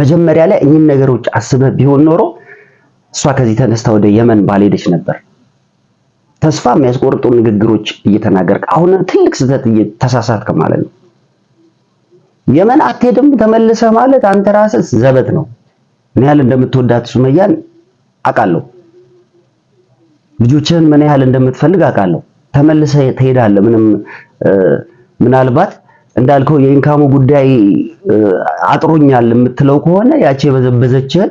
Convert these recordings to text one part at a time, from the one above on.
መጀመሪያ ላይ እኚህን ነገሮች አስበህ ቢሆን ኖሮ እሷ ከዚህ ተነስታ ወደ የመን ባልሄደች ነበር። ተስፋ የሚያስቆርጡ ንግግሮች እየተናገርክ አሁንም ትልቅ ስህተት እየተሳሳትክ ማለት ነው። የመን አትሄድም ተመልሰህ ማለት አንተ ራስህ ዘበት ነው። ምን ያህል እንደምትወዳት ሱመያን አውቃለሁ። ልጆችህን ምን ያህል እንደምትፈልግ አውቃለሁ። ተመልሰህ ትሄዳለህ። ምንም ምናልባት እንዳልከው የኢንካሙ ጉዳይ አጥሮኛል የምትለው ከሆነ ያቺ የበዘበዘችህን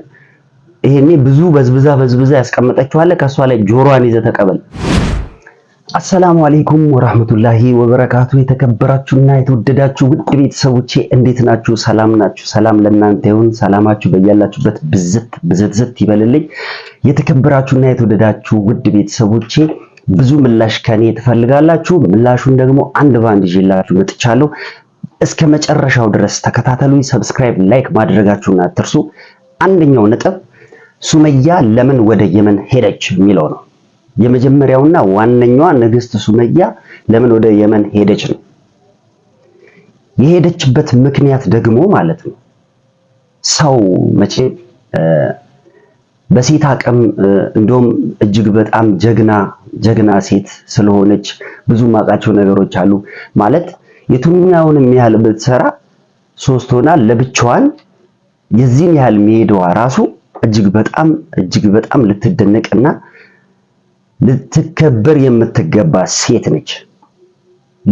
ይሄኔ ብዙ በዝብዛ በዝብዛ ያስቀመጠችኋለ ከእሷ ላይ ጆሮዋን ይዘ ተቀበል። አሰላሙ አሌይኩም ወራህመቱላሂ ወበረካቱ። የተከበራችሁና የተወደዳችሁ ውድ ቤተሰቦቼ እንዴት ናችሁ? ሰላም ናችሁ? ሰላም ለእናንተ ይሁን። ሰላማችሁ በያላችሁበት ብዝት ብዝትዝት ይበልልኝ። የተከበራችሁና የተወደዳችሁ ውድ ቤተሰቦቼ ብዙ ምላሽ ከኔ ትፈልጋላችሁ። ምላሹን ደግሞ አንድ ባንድ ይዤላችሁ መጥቻለሁ። እስከ መጨረሻው ድረስ ተከታተሉኝ። ሰብስክራይብ፣ ላይክ ማድረጋችሁን አትርሱ። አንደኛው ነጥብ ሱመያ ለምን ወደ የመን ሄደች የሚለው ነው። የመጀመሪያውና ዋነኛዋ ንግስት ሱመያ ለምን ወደ የመን ሄደች ነው። የሄደችበት ምክንያት ደግሞ ማለት ነው ሰው መቼ በሴት አቅም እንደውም እጅግ በጣም ጀግና ጀግና ሴት ስለሆነች ብዙ ማውቃቸው ነገሮች አሉ። ማለት የትኛውንም ያህል ብትሰራ ሶስት ሆና ለብቻዋን የዚህን ያህል መሄዷ ራሱ እጅግ በጣም እጅግ በጣም ልትደነቅና ልትከበር የምትገባ ሴት ነች።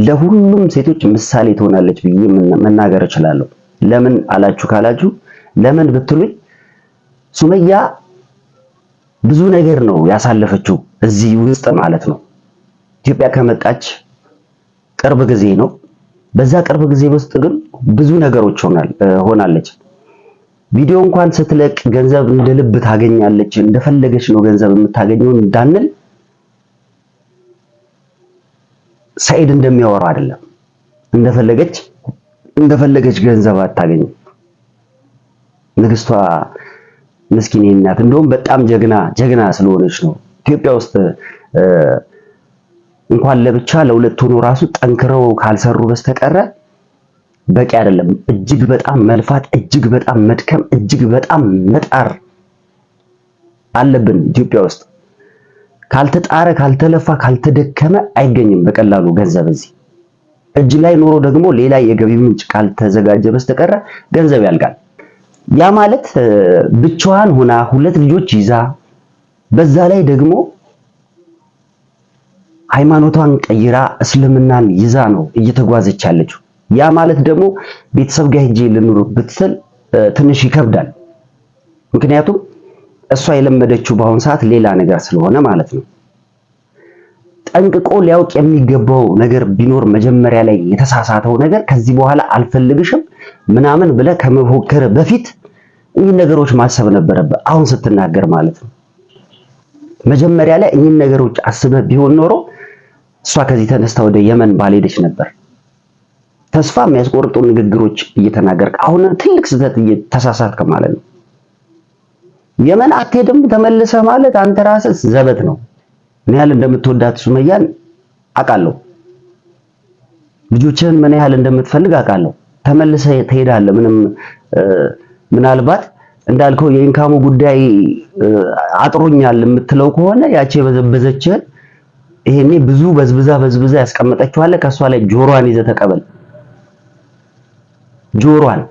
ለሁሉም ሴቶች ምሳሌ ትሆናለች ብዬ መናገር እችላለሁ። ለምን አላችሁ ካላችሁ ለምን ብትሉኝ ሱመያ ብዙ ነገር ነው ያሳለፈችው እዚህ ውስጥ ማለት ነው። ኢትዮጵያ ከመጣች ቅርብ ጊዜ ነው። በዛ ቅርብ ጊዜ ውስጥ ግን ብዙ ነገሮች ሆናለች። ቪዲዮ እንኳን ስትለቅ ገንዘብ እንደ ልብ ታገኛለች፣ እንደፈለገች ነው ገንዘብ የምታገኘው እንዳንል ሰኢድ እንደሚያወራው አይደለም። እንደፈለገች እንደፈለገች ገንዘብ አታገኝም። ንግስቷ ምስኪን ናት። እንደውም በጣም ጀግና ጀግና ስለሆነች ነው ኢትዮጵያ ውስጥ እንኳን ለብቻ ለሁለት ሆኖ ራሱ ጠንክረው ካልሰሩ በስተቀረ በቂ አይደለም። እጅግ በጣም መልፋት፣ እጅግ በጣም መድከም፣ እጅግ በጣም መጣር አለብን። ኢትዮጵያ ውስጥ ካልተጣረ፣ ካልተለፋ፣ ካልተደከመ አይገኝም በቀላሉ ገንዘብ እዚህ እጅ ላይ ኖሮ ደግሞ ሌላ የገቢ ምንጭ ካልተዘጋጀ በስተቀረ ገንዘብ ያልጋል። ያ ማለት ብቻዋን ሆና ሁለት ልጆች ይዛ በዛ ላይ ደግሞ ሃይማኖቷን ቀይራ እስልምናን ይዛ ነው እየተጓዘች ያለችው። ያ ማለት ደግሞ ቤተሰብ ጋር ሄጄ ልኑር ብትል ትንሽ ይከብዳል። ምክንያቱም እሷ የለመደችው በአሁኑ ሰዓት ሌላ ነገር ስለሆነ ማለት ነው። ጠንቅቆ ሊያውቅ የሚገባው ነገር ቢኖር መጀመሪያ ላይ የተሳሳተው ነገር ከዚህ በኋላ አልፈልግሽም ምናምን ብለ ከመፎከር በፊት እኚህን ነገሮች ማሰብ ነበረብህ። አሁን ስትናገር ማለት ነው። መጀመሪያ ላይ እኚህን ነገሮች አስበህ ቢሆን ኖሮ እሷ ከዚህ ተነስታ ወደ የመን ባልሄደች ነበር። ተስፋ የሚያስቆርጡ ንግግሮች እየተናገርክ አሁን ትልቅ ስህተት እየተሳሳትክ ማለት ነው። የመን አትሄድም ተመልሰህ ማለት አንተ ራስህ ዘበት ነው። ምን ያህል እንደምትወዳት ሱመያን አውቃለሁ። ልጆችህን ምን ያህል እንደምትፈልግ አውቃለሁ። ተመልሰ ትሄዳለ። ምንም ምናልባት እንዳልከው የኢንካሙ ጉዳይ አጥሮኛል የምትለው ከሆነ ያቺ የበዘበዘች ይሄኔ ብዙ በዝብዛ በዝብዛ ያስቀመጠችዋለ። ከእሷ ላይ ጆሮዋን ይዘ ተቀበል። ጆሮዋን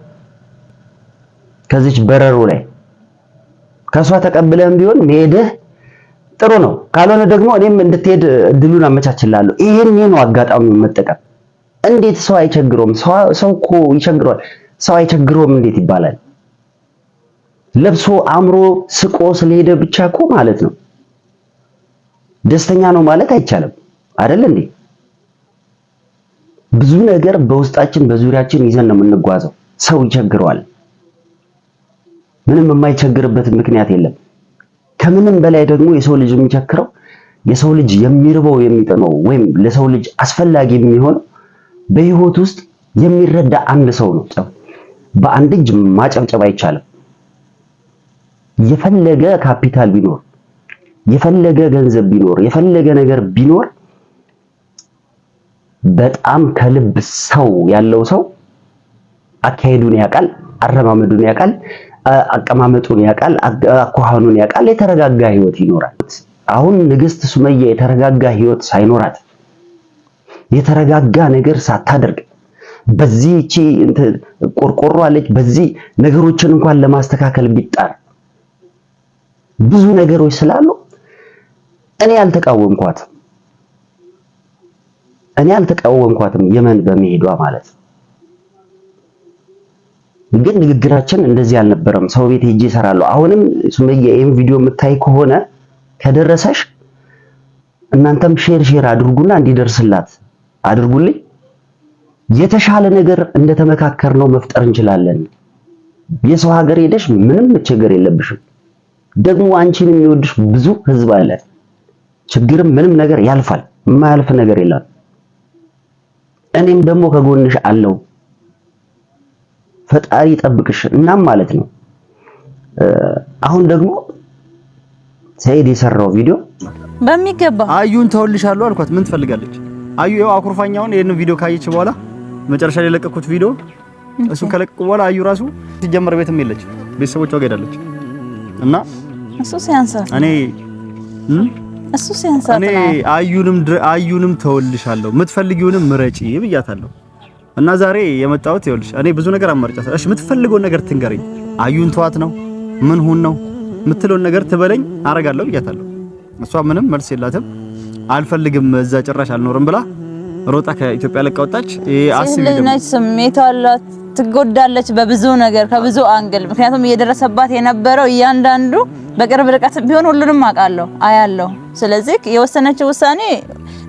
ከዚች በረሮ ላይ ከእሷ ተቀብለም ቢሆን መሄድህ ጥሩ ነው። ካልሆነ ደግሞ እኔም እንድትሄድ እድሉን አመቻችላለሁ። ይሄን ነው አጋጣሚው መጠቀም እንዴት ሰው አይቸግረውም? ሰው እኮ ይቸግረዋል። ሰው አይቸግረውም እንዴት ይባላል? ለብሶ አምሮ ስቆ ስለሄደ ብቻ እኮ ማለት ነው ደስተኛ ነው ማለት አይቻልም። አይደል እንዴ? ብዙ ነገር በውስጣችን በዙሪያችን ይዘን ነው የምንጓዘው። ሰው ይቸግረዋል። ምንም የማይቸግርበት ምክንያት የለም። ከምንም በላይ ደግሞ የሰው ልጅ የሚቸክረው የሰው ልጅ የሚርበው የሚጥመው ወይም ለሰው ልጅ አስፈላጊ የሚሆነው በህይወት ውስጥ የሚረዳ አንድ ሰው ነው። በአንድ እጅ ማጨብጨብ አይቻልም። የፈለገ ካፒታል ቢኖር፣ የፈለገ ገንዘብ ቢኖር፣ የፈለገ ነገር ቢኖር በጣም ከልብ ሰው ያለው ሰው አካሄዱን ያውቃል፣ አረማመዱን ያውቃል፣ አቀማመጡን ያውቃል፣ አኳኋኑን ያውቃል። የተረጋጋ ህይወት ይኖራል። አሁን ንግስት ሱመያ የተረጋጋ ህይወት ሳይኖራት የተረጋጋ ነገር ሳታደርግ በዚህ እቺ ቆርቆሮ አለች። በዚህ ነገሮችን እንኳን ለማስተካከል ቢጣር ብዙ ነገሮች ስላሉ እኔ አልተቃወምኳትም። እኔ አልተቃወምኳትም የመን በመሄዷ ማለት ግን ንግግራችን እንደዚህ አልነበረም። ሰው ቤት ሄጄ እሰራለሁ። አሁንም ሱመያ ይሄን ቪዲዮ የምታይ ከሆነ ከደረሰሽ እናንተም ሼር ሼር አድርጉና እንዲደርስላት አድርጉልኝ። የተሻለ ነገር እንደተመካከርነው መፍጠር እንችላለን። የሰው ሀገር ሄደሽ ምንም ችግር የለብሽም። ደግሞ አንቺን የሚወድሽ ብዙ ህዝብ አለ። ችግርም ምንም ነገር ያልፋል። የማያልፍ ነገር የለም። እኔም ደግሞ ከጎንሽ አለው። ፈጣሪ ይጠብቅሽ። እናም ማለት ነው አሁን ደግሞ ሰይድ የሰራው ቪዲዮ በሚገባ አዩን ተወልሻለሁ አልኳት። ምን ትፈልጋለች? አዩ ያው አኩርፋኛውን ይሄንን ቪዲዮ ካየች በኋላ መጨረሻ ላይ የለቀኩት ቪዲዮ እሱ ከለቀቁ በኋላ አዩ ራሱ ሲጀመር ቤትም የለች ቤተሰቦቿ ጋር ሄዳለች። እና እሱ ሲያንሳት እኔ እሱ ሲያንሳት እኔ አዩንም አዩንም ተወልሻለሁ የምትፈልጊውንም ምረጪ ብያታለሁ። እና ዛሬ የመጣሁት ይኸውልሽ እኔ ብዙ ነገር አማርጫታለሁ። እሺ የምትፈልገውን ነገር ትንገረኝ። አዩን ተዋት ነው ምን ሁን ነው የምትለውን ነገር ትበለኝ አረጋለሁ ብያታለሁ። እሷ ምንም መልስ የላትም። አልፈልግም እዛ ጭራሽ አልኖርም ብላ ሮጣ ከኢትዮጵያ ለቃ ወጣች። አስቢ ስሜት አላት፣ ትጎዳለች በብዙ ነገር ከብዙ አንግል። ምክንያቱም እየደረሰባት የነበረው እያንዳንዱ በቅርብ ርቀት ቢሆን ሁሉንም አውቃለሁ አያለሁ። ስለዚህ የወሰነችው ውሳኔ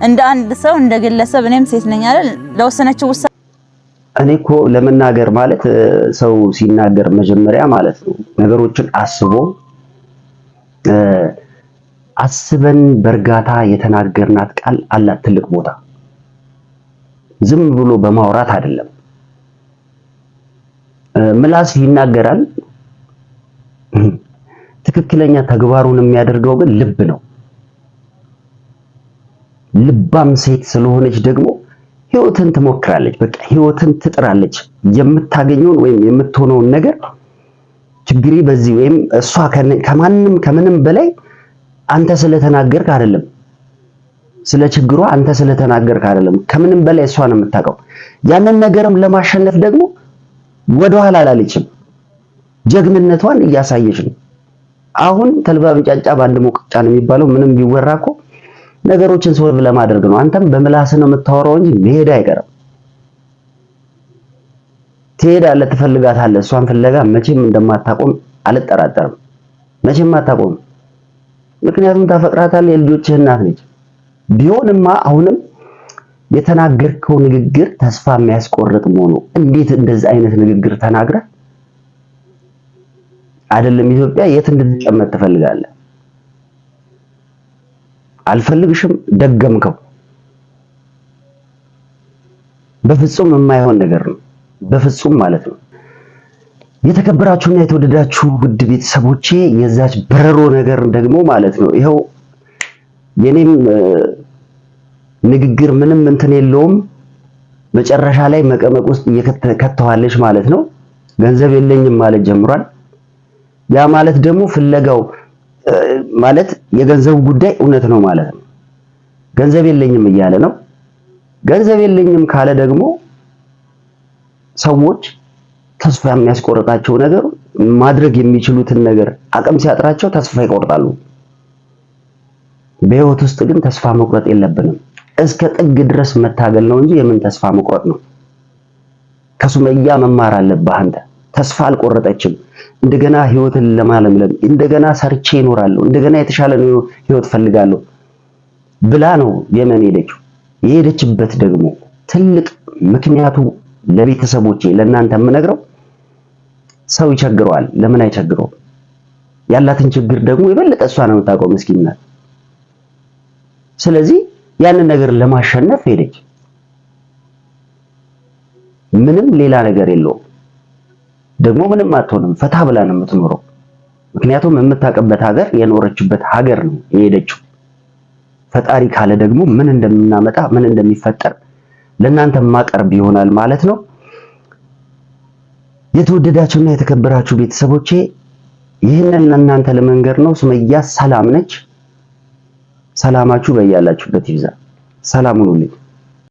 እንደ አንድ ሰው እንደ ግለሰብ እኔም ሴት ነኝ አይደል ለወሰነችው ውሳኔ እኔ እኮ ለመናገር ማለት ሰው ሲናገር መጀመሪያ ማለት ነው ነገሮችን አስቦ አስበን በእርጋታ የተናገርናት ቃል አላት ትልቅ ቦታ። ዝም ብሎ በማውራት አይደለም። ምላስ ይናገራል። ትክክለኛ ተግባሩን የሚያደርገው ግን ልብ ነው። ልባም ሴት ስለሆነች ደግሞ ህይወትን ትሞክራለች። በቃ ህይወትን ትጥራለች። የምታገኘውን ወይም የምትሆነውን ነገር ችግሬ በዚህ ወይም እሷ ከማንም ከምንም በላይ አንተ ስለተናገርክ አይደለም ስለ ችግሯ አንተ ስለተናገርክ አይደለም። ከምንም በላይ እሷ ነው የምታውቀው። ያንን ነገርም ለማሸነፍ ደግሞ ወደኋላ አላለችም። ጀግንነቷን እያሳየች ነው። አሁን ተልባ ብጫጫ በአንድ ሙቅጫ ነው የሚባለው። ምንም ቢወራ እኮ ነገሮችን ሶልቭ ለማድረግ ነው። አንተም በምላስ ነው የምታወራው እንጂ መሄድ አይቀርም። ትሄዳለህ፣ ትፈልጋታለህ። እሷን ፍለጋ መቼም እንደማታቆም አልጠራጠርም። መቼም አታቆም። ምክንያቱም ታፈቅራታለህ፣ የልጆችህ እናት ነች። ቢሆንማ አሁንም የተናገርከው ንግግር ተስፋ የሚያስቆርጥ መሆኑ እንዴት እንደዚህ አይነት ንግግር ተናግረህ አይደለም ኢትዮጵያ የት እንድትቀመጥ ትፈልጋለህ? አልፈልግሽም ደገምከው። በፍጹም የማይሆን ነገር ነው። በፍጹም ማለት ነው። የተከበራችሁና የተወደዳችሁ ውድ ቤተሰቦቼ የዛች በረሮ ነገር ደግሞ ማለት ነው ይኸው የኔም ንግግር ምንም እንትን የለውም። መጨረሻ ላይ መቀመቅ ውስጥ እየከተዋለች ማለት ነው። ገንዘብ የለኝም ማለት ጀምሯል። ያ ማለት ደግሞ ፍለጋው ማለት የገንዘቡ ጉዳይ እውነት ነው ማለት ነው። ገንዘብ የለኝም እያለ ነው። ገንዘብ የለኝም ካለ ደግሞ ሰዎች ተስፋ የሚያስቆርጣቸው ነገር ማድረግ የሚችሉትን ነገር አቅም ሲያጥራቸው ተስፋ ይቆርጣሉ። በህይወት ውስጥ ግን ተስፋ መቁረጥ የለብንም። እስከ ጥግ ድረስ መታገል ነው እንጂ የምን ተስፋ መቁረጥ ነው? ከሱመያ መማር አለብህ አንተ። ተስፋ አልቆረጠችም። እንደገና ህይወትን ለማለምለም እንደገና ሰርቼ ይኖራለሁ፣ እንደገና የተሻለ ነው ህይወት ፈልጋለሁ ብላ ነው የመን ሄደችው። የሄደችበት ደግሞ ትልቅ ምክንያቱ ለቤተሰቦቼ ለእናንተ የምነግረው ሰው ይቸግረዋል። ለምን አይቸግረውም? ያላትን ችግር ደግሞ የበለጠ እሷ ነው የምታውቀው፣ ምስኪን ናት። ስለዚህ ያንን ነገር ለማሸነፍ ሄደች። ምንም ሌላ ነገር የለውም። ደግሞ ምንም አትሆንም፣ ፈታ ብላ ነው የምትኖረው። ምክንያቱም የምታውቅበት ሀገር የኖረችበት ሀገር ነው የሄደችው። ፈጣሪ ካለ ደግሞ ምን እንደምናመጣ ምን እንደሚፈጠር ለእናንተ ማቀርብ ይሆናል ማለት ነው። የተወደዳችሁና የተከበራችሁ ቤተሰቦቼ ይህንን እናንተ ለመንገር ነው። ሱመያ ሰላም ነች። ሰላማችሁ በያላችሁበት ይብዛ። ሰላም ሁኑልኝ።